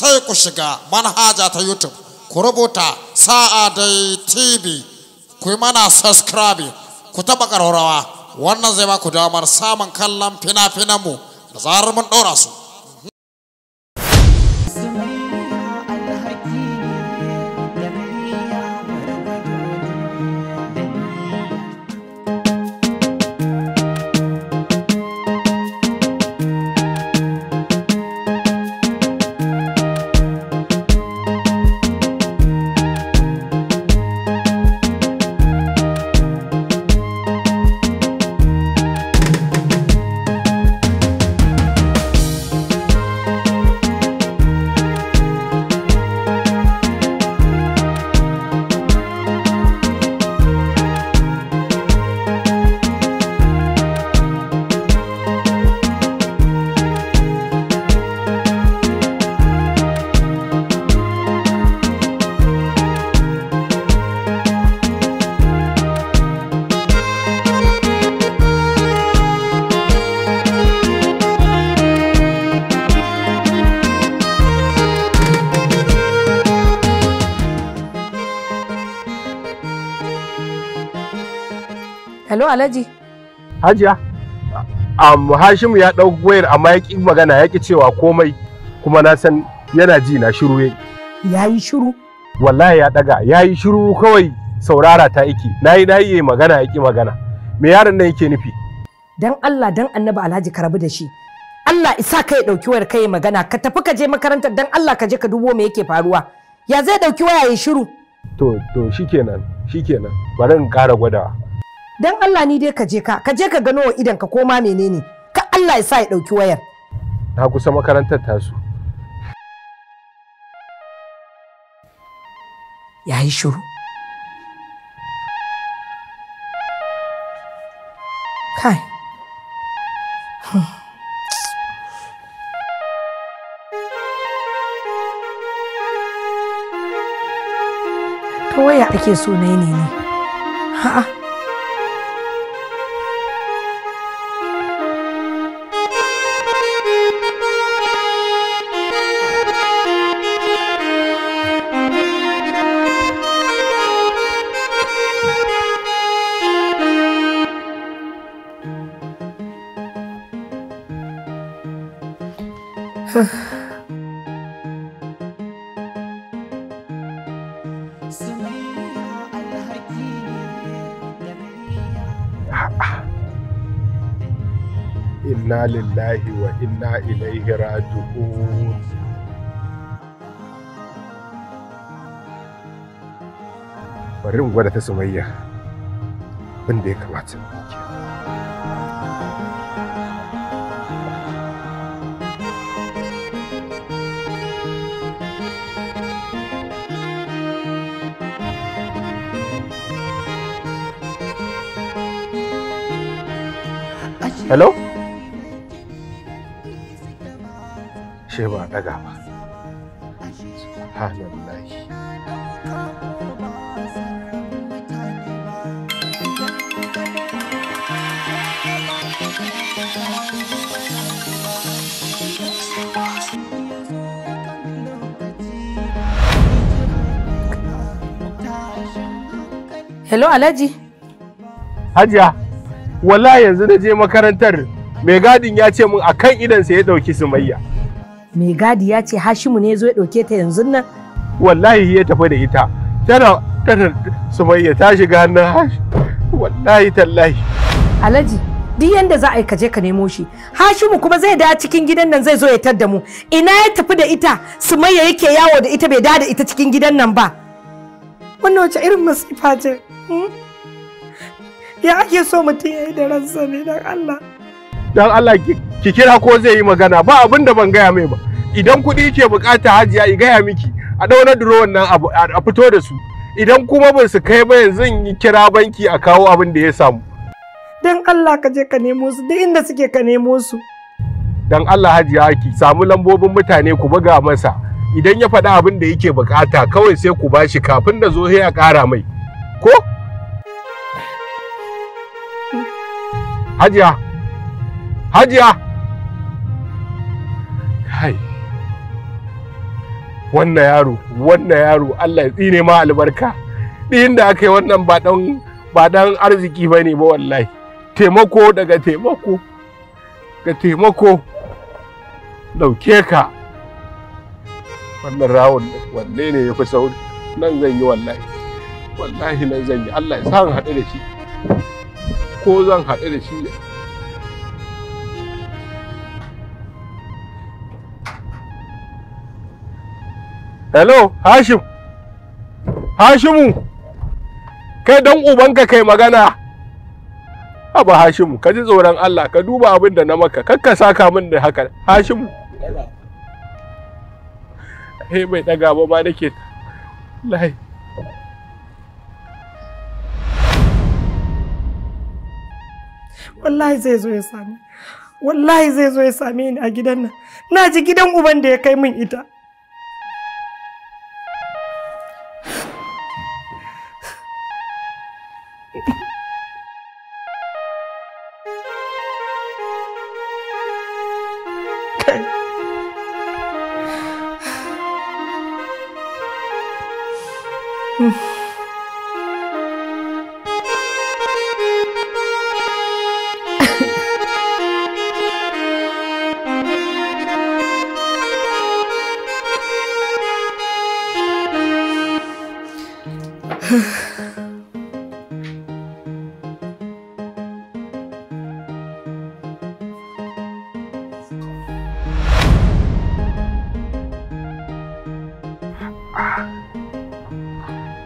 sai ku shiga manhaja ta YouTube ku rubuta sa'a dai TV ku yi mana subscribe ku taɓa ƙararrawa wannan zai ba ku damar samun kallon fina-finanmu da zarar mun ɗora su. Alo Alhaji. Hajiya. Um, Hashimu ya ɗau wayar amma ya ƙi magana ya ƙi cewa komai kuma na san yana ji na shiru ya Ya yi shiru? Wallahi ya ɗaga ya yi shiru kawai saurara ta iki na yi magana ya ƙi magana. Me yaron nan yake nufi? Dan Allah dan annabi Alhaji ka rabu da shi. Allah isa ka ya ɗauki wayar kai magana ka tafi ka je makarantar dan Allah ka je ka dubo me yake faruwa. Ya zai ɗauki waya ya shiru? To to shikenan shikenan bari in ƙara gwadawa. dan Allah ni dai ka je ka ka je ka gano wa idan ka koma menene ka Allah ya sa ya dauki wayar na kusa makarantar tasu yayi shiru kai hmm. waya ake so ne ne ha إنا لله وإنا إليه راجعون بارين غودا تسميه بنديك ما تسميه hello she ba daga ba halallahi Hello alaji. Hajiya. wala yanzu na je makarantar mai gadin ya ce min akan idansa ya ɗauki sumayya mai gadi ya ce hashimu ne zo ya ɗauke ta yanzu nan wallahi ya tafi da ita tana tana sumayya ta shiga hannun hashi wallahi tallahi alhaji duk yanda za a yi kaje ka nemo shi hashimu kuma zai da cikin gidan nan zai zo ya tadda mu ina ya tafi da ita sumayya yake yawo da ita bai da da ita cikin gidan nan ba wannan wace irin masifa ce hmm? ya ake so mutum ya yi da ransa ne don Allah. Don Allah ki kira ko zai yi magana ba abin da ban gaya mai ba. Idan kuɗi ke bukata hajiya i gaya miki a ɗauna durowan nan a fito da su. Idan kuma ba su kai ba yanzu yi kira banki a kawo abin da ya samu. Don Allah ka je ka nemo su duk inda suke ka nemo su. Don Allah hajiya ki samu lambobin mutane ku buga masa. Idan ya faɗi abin da yake bukata kawai sai ku bashi kafin da zo ya ƙara mai. Ko? hajiya hajiya kai wannan yaro wannan yaro allah ya tsine ma albarka ɗin da aka yi wannan ba dan ba dan arziki ba ne ba wallahi taimako daga taimako ga taimako ɗauke ka wannan rawon wanne ne ya fi sauri nan zan yi wallahi wallahi nan zan yi allah ya sa haɗu da shi ko zan haɗu da shi hello hashim hashimu kai don ubanka kai magana haba hashimu ka ji tsoron allah ka duba abin da na maka kakka saka min da haka hashimu he eh, bai ɗaga ba ma nake layi wallahi zai zo ya same wallahi zai zo ya same ni a gidan nan na ji gidan uban da ya kai min ita Mm-hmm.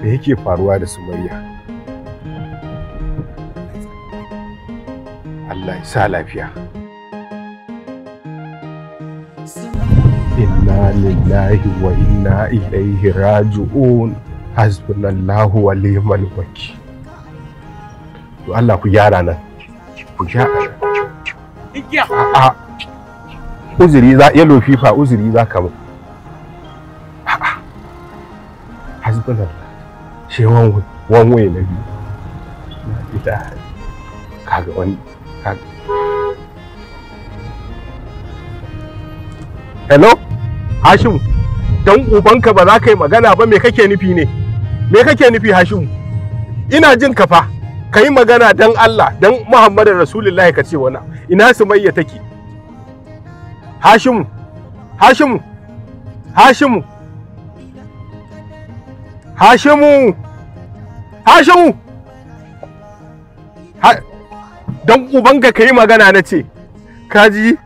me yake faruwa da sumayya Allah ya sa lafiya inna lillahi wa inna ilaihi raji'un hasbunallahu wa ni'mal wakil to Allah ku gyara nan ku gyara a uzuri za yalo fifa uzuri za ka mu circular shi one way na biyu na ita kaga wani kaga hello hashim dan ubanka ba za ka yi magana ba me kake nufi ne me kake nufi hashim ina jin ka fa ka yi magana dan Allah dan Muhammadu Rasulullahi ka ce wani ina sumayya take Hashimu Hashimu Hashimu Hashimu! Hashimu! Don ubanka ka yi magana na ce, Ka ji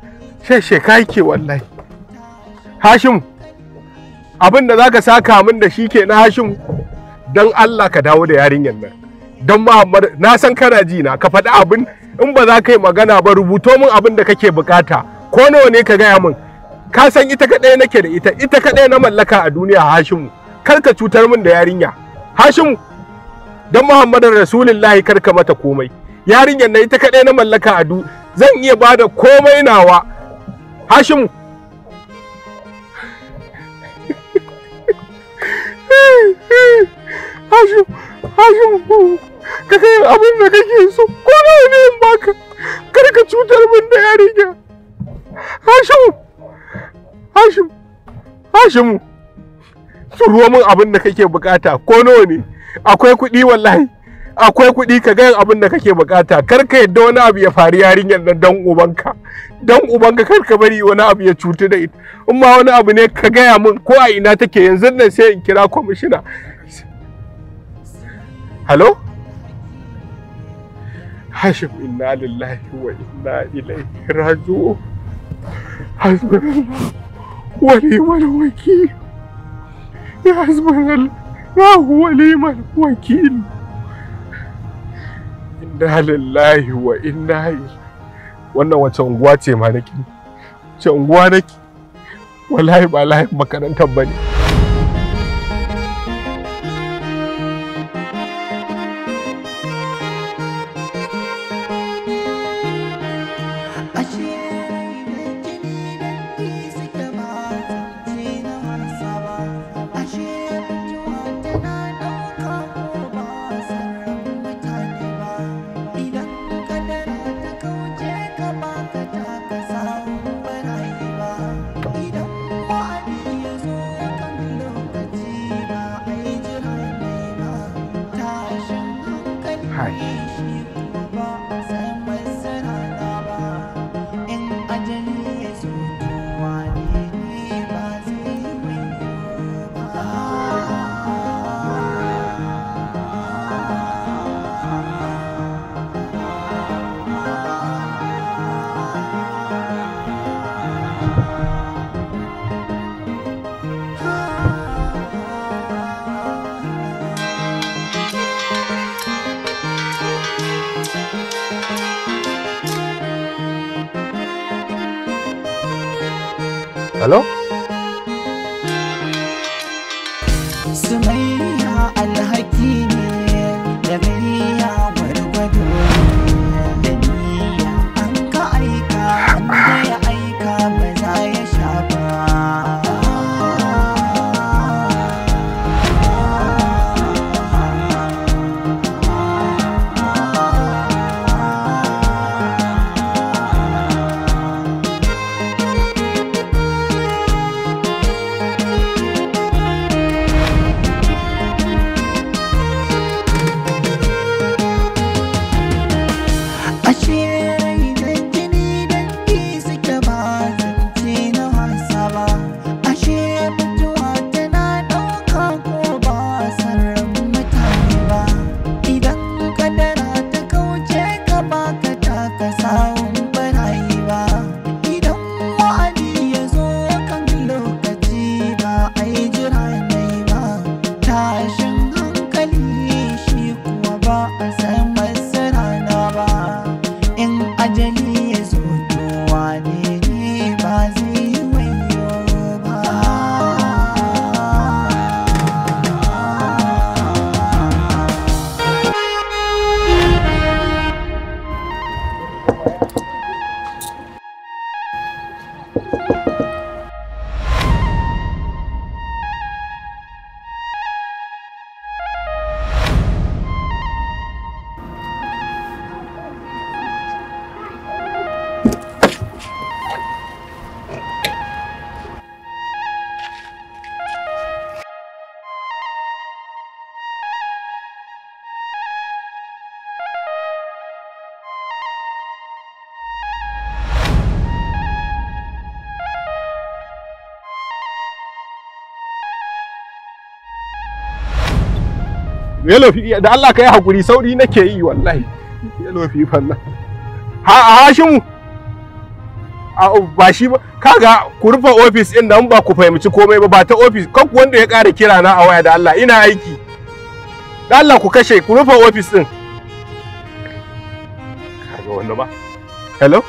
kaji shashe ke wallahi. Hashimu, abin da za ka saka min da shi ke na Hashimu, don Allah ka dawo da yarinyar nan. Don Muhammad, na san kana ji na, ka faɗi abin in ba za ka yi magana ba rubuto min abin da kake bukata, ko nawa ne ka gaya min. Ka san ita kaɗai nake da ita, ita kaɗai na mallaka a duniya Hashimu. kar ka cutar min da yarinya hashimu dan muhammadar rasulullahi kar ka mata komai yarinyar na ita kaɗai na mallaka adu zan iya bada komai nawa hashimu hashimu hashimu ka kai abin da kake so ko na ne in baka kar ka cutar min da yarinya hashimu hashimu hashimu turo mun abin da kake bukata ko nawa ne akwai kuɗi wallahi akwai kuɗi ka ga abin da kake bukata kar ka yadda wani abu ya faru yarinyar nan dan ubanka dan ubanka kar ka bari wani abu ya cutu da ita in ma wani abu ne ka gaya min ko a ina take yanzu nan sai in kira kwamishina halo hashim inna lillahi wa inna ilaihi raji'un hasbunallahu wa ni'mal wakil hasbunallah Allahu wa ni'mal wakil inna lillahi wa inna ilaihi wannan wace unguwa ce ma nake wace unguwa ba layin makarantar bane Yelofi da Allah ka yi hakuri sauri nake yi wallahi. Yelofi falla. Ha Hashimu. ba shi ba kaga ku rufe ofis ɗin nan ba ku fahimci komai ba ba ta ofis kan wanda ya ƙara kira na a waya da Allah ina aiki. Da Allah ku kashe ku rufe ofis ɗin. Kaga wanda ba. Hello?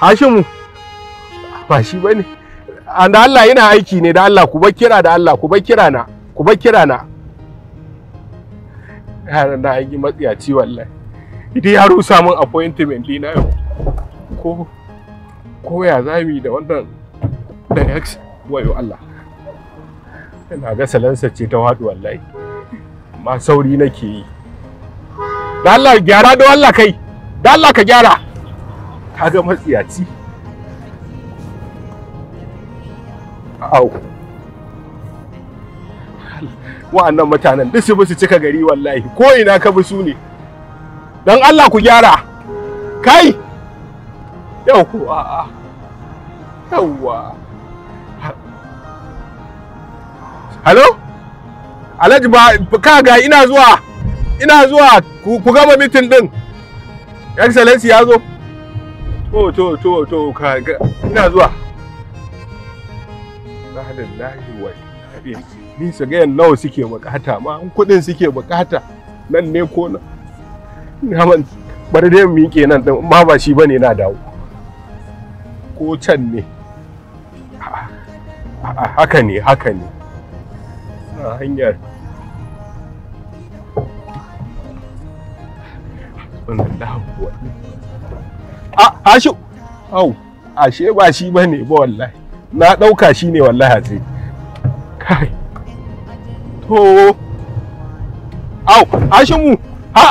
Hashimu. Ba shi bane. Da Allah ina aiki ne da Allah ku bar kira da Allah ku bar kira na ku bar kira na. yaran na yi matsiyaci wallahi idan yaro samun appointment dina yau ko ko ya zami da wannan da ex wayo Allah ina ga salansa ce ta wadu wallahi ma sauri nake yi da Allah gyara da Allah kai da Allah ka gyara kaga matsiyaci au wa'annan mutanen duk su su cika gari wallahi ko ina ka bi su ne don Allah ku gyara kai yawwa yawwa halo alhaji ba ka ga ina zuwa ina zuwa ku gama mitin din excellency ya zo to to to to ka ina zuwa la lahi wa bi su ga nawa suke bukata ma in kuɗin suke bukata nan ne ko na man bari dai mu yake nan din ma ba shi bane na dawo ko can ne haka ne haka ne na hanyar wannan dawo a ashe au ashe ba shi bane ba wallahi na ɗauka shi ne wallahi a kai Oho! Au, Hashimu! Ha!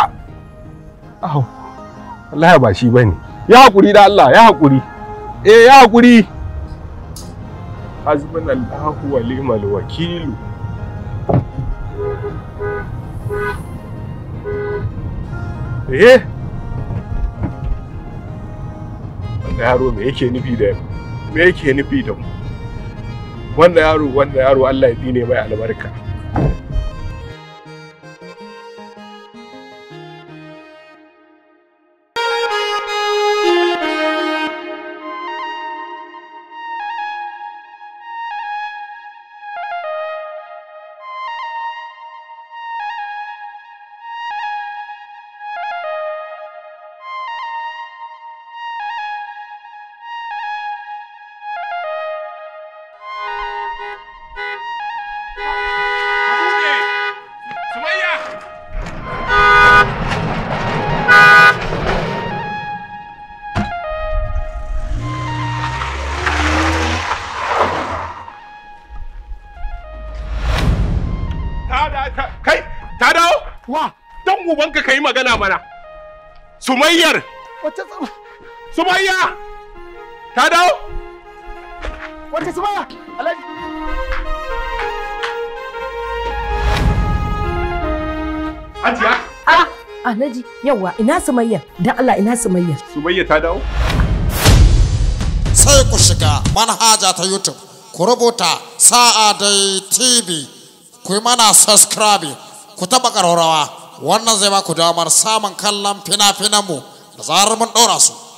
Au, Allah ba shi bane. Ya da Allah, ya Eh, ya wa ni'mal Eh? Wanda yaro me yake nufi da me yake nufi da mu? Wanda yaro, yaro Allah ya ne mai albarka. magana mana. Sumayyar! Wace Sumayya! Ta dawo? Wace Sumayya? Alhaji! Hajiya! Ah, Alhaji, yawa ina Sumayya? Dan Allah ina Sumayya? Sumayya ta dawo? Sai ku shiga manhaja ta YouTube, ku rubuta sa'a dai TV, ku yi mana subscribe, ku taɓa ƙararrawa. wannan zai ba ku damar samun kallon fina-finanmu da zarar mun ɗora su